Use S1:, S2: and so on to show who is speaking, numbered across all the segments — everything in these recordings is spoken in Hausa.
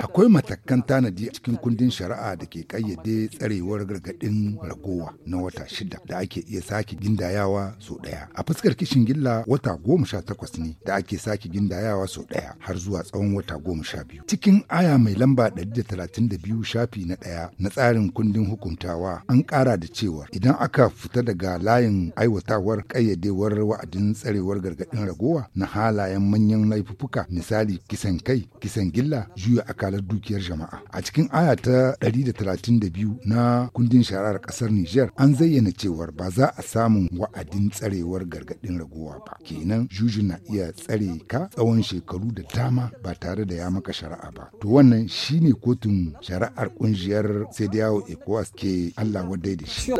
S1: Akwai matakan tanadi a cikin kundin shari'a da ke kayyade tsarewar gargaɗin ragowa na wata shida da ake iya sake gindayawa sau ɗaya. A fuskar kishin gilla wata goma sha takwas ne da ake sake gindayawa sau ɗaya har zuwa tsawon wata goma sha biyu. Cikin aya mai lamba ɗari da talatin da biyu shafi na ɗaya na tsarin kundin hukuntawa an ƙara da cewa idan aka fita daga layin aiwatawar kayyadewar wa'adin tsarewar gargaɗin ragowa na halayen manyan laifuffuka misali kisan kai kisan gilla juya akalar dukiyar jama'a. A cikin aya ta 132 na kundin shari'ar kasar Nijar an zayyana cewar ba za a samun wa'adin tsarewar gargadin ragowa ba. Kenan juju na iya tsare ka tsawon shekaru da dama ba tare da ya maka shari'a ba. To wannan shine kotun shari'ar kungiyar Sediyawo ECOWAS ke Allah wadai da
S2: shi.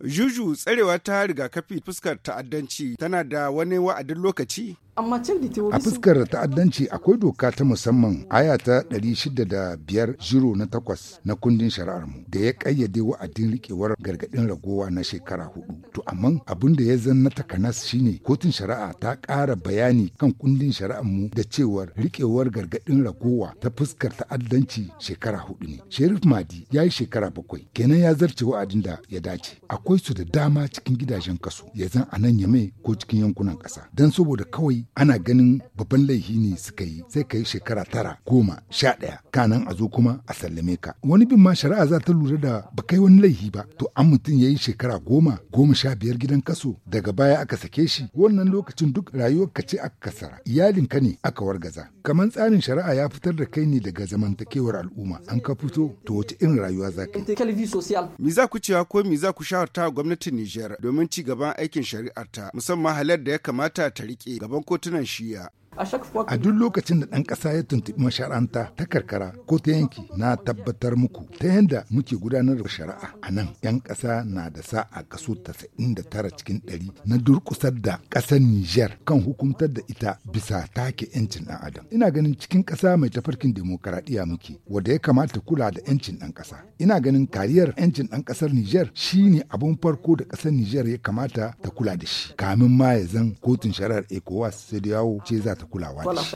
S2: Juju tsarewa ta rigakafi fuskar ta'addanci tana da wani wa'adin lokaci? A fuskar
S1: ta'addanci akwai doka ta musamman aya ta 605 jiro na takwas na kundin shari'ar mu. da ya kayyade wa'adin rikewar gargadin ragowa na shekara hudu. To amma abin da ya zanna takanas shine kotun shari'a ta kara bayani kan kundin shari'ar mu da cewar rikewar gargadin ragowa ta fuskar ta'addanci shekara hudu ne. Sherif Madi ya yi shekara bakwai kenan ya zarce wa'adin da ya dace. Akwai su da dama cikin gidajen kaso ya zan a nan yame ko cikin yankunan ƙasa. Don saboda kawai ana ganin babban laifi ne suka yi sai ka yi shekara tara goma sha ɗaya kanan a zo kuma a sallame ka wani bin ma shari'a za ta lura da ba kai wani laifi ba to an mutum ya yi shekara goma goma sha biyar gidan kaso daga baya aka sake shi wannan lokacin duk rayuwar ka ce aka kasara iyalin ka ne aka wargaza kamar tsarin shari'a ya fitar da kai ne daga zamantakewar al'umma an ka fito to wace irin rayuwa za ka
S2: yi. Me za ku cewa ko me za ku shawarta gwamnatin Nijar domin ci gaban aikin shari'arta musamman halar da ya kamata ta rike gaban kotunan shiya A
S1: duk lokacin da ɗan ƙasa ya tuntuɓi masharanta ta karkara ko ta yanki na tabbatar muku ta yadda muke gudanar da shari'a a nan 'yan ƙasa na da sa sa'a kaso 99 cikin 100 na durƙusar da ƙasar Nijar kan hukuntar da ita bisa take 'yancin ɗan adam. Ina ganin cikin ƙasa mai tafarkin dimokuraɗiyya muke wanda ya kamata kula da 'yancin ɗan ƙasa. Ina ganin kariyar 'yancin ɗan ƙasar Nijar shi ne abun farko da ƙasar Nijar ya kamata ta kula da shi kamin ma ya zan kotun shari'ar ECOWAS sai da yawo ce za kulawa voilà.